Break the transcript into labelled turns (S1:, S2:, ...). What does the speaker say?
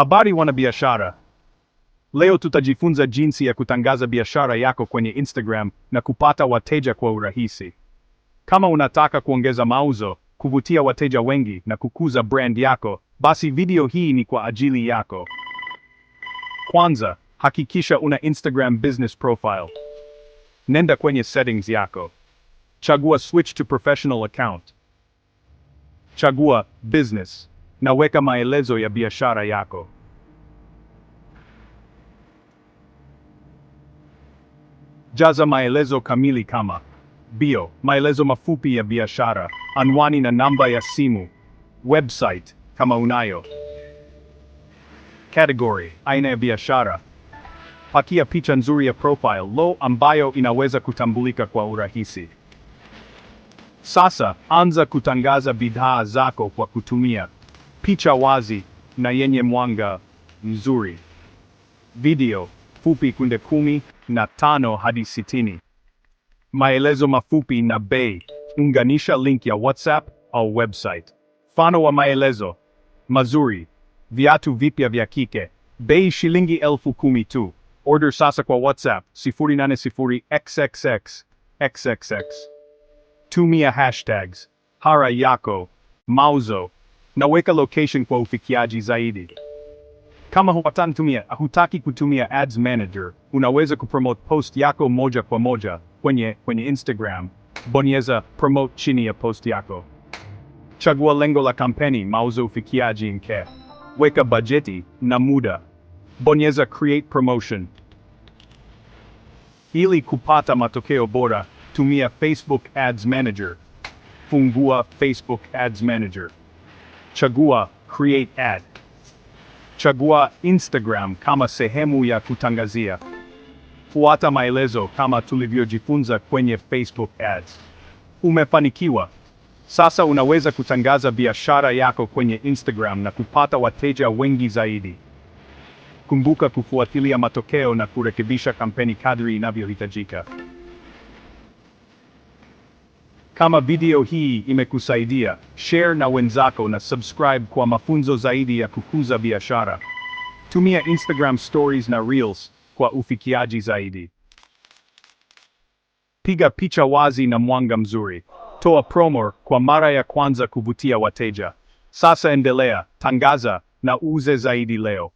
S1: Habari wana biashara, leo tutajifunza jinsi ya kutangaza biashara yako kwenye Instagram na kupata wateja kwa urahisi. Kama unataka kuongeza mauzo, kuvutia wateja wengi na kukuza brand yako, basi video hii ni kwa ajili yako. Kwanza, hakikisha una Instagram business profile. Nenda kwenye settings yako, chagua switch to professional account, chagua business na weka maelezo ya biashara yako. Jaza maelezo kamili kama bio, maelezo mafupi ya biashara, anwani na namba ya simu, website kama unayo, category, aina ya biashara. Pakia picha nzuri ya profile low ambayo inaweza kutambulika kwa urahisi. Sasa anza kutangaza bidhaa zako kwa kutumia picha wazi na yenye mwanga mzuri, video fupi kunde kumi na tano hadi sitini, maelezo mafupi na bei. Unganisha link ya WhatsApp au website. Mfano wa maelezo mazuri: viatu vipya vya kike, bei shilingi elfu kumi tu. Order sasa kwa WhatsApp 080xxx xxx. Tumia hashtags hara yako mauzo Naweka location kwa ufikiaji zaidi. Kama hutanitumia, hutaki kutumia Ads Manager, unaweza kupromote post yako moja kwa moja kwenye kwenye Instagram. Bonyeza promote chini ya post yako. Chagua lengo la kampeni, mauzo, ufikiaji nke. Weka bajeti na muda. Bonyeza create promotion. Ili kupata matokeo bora, tumia Facebook Ads Manager. Fungua Facebook Ads Manager. Chagua create ad. Chagua Instagram kama sehemu ya kutangazia. Fuata maelezo kama tulivyojifunza kwenye Facebook ads. Umefanikiwa. Sasa unaweza kutangaza biashara yako kwenye Instagram na kupata wateja wengi zaidi. Kumbuka kufuatilia matokeo na kurekebisha kampeni kadri inavyohitajika. Kama video hii imekusaidia, share na wenzako na subscribe kwa mafunzo zaidi ya kukuza biashara. Tumia Instagram stories na reels kwa ufikiaji zaidi. Piga picha wazi na mwanga mzuri. Toa promo kwa mara ya kwanza kuvutia wateja. Sasa endelea, tangaza na uuze zaidi leo.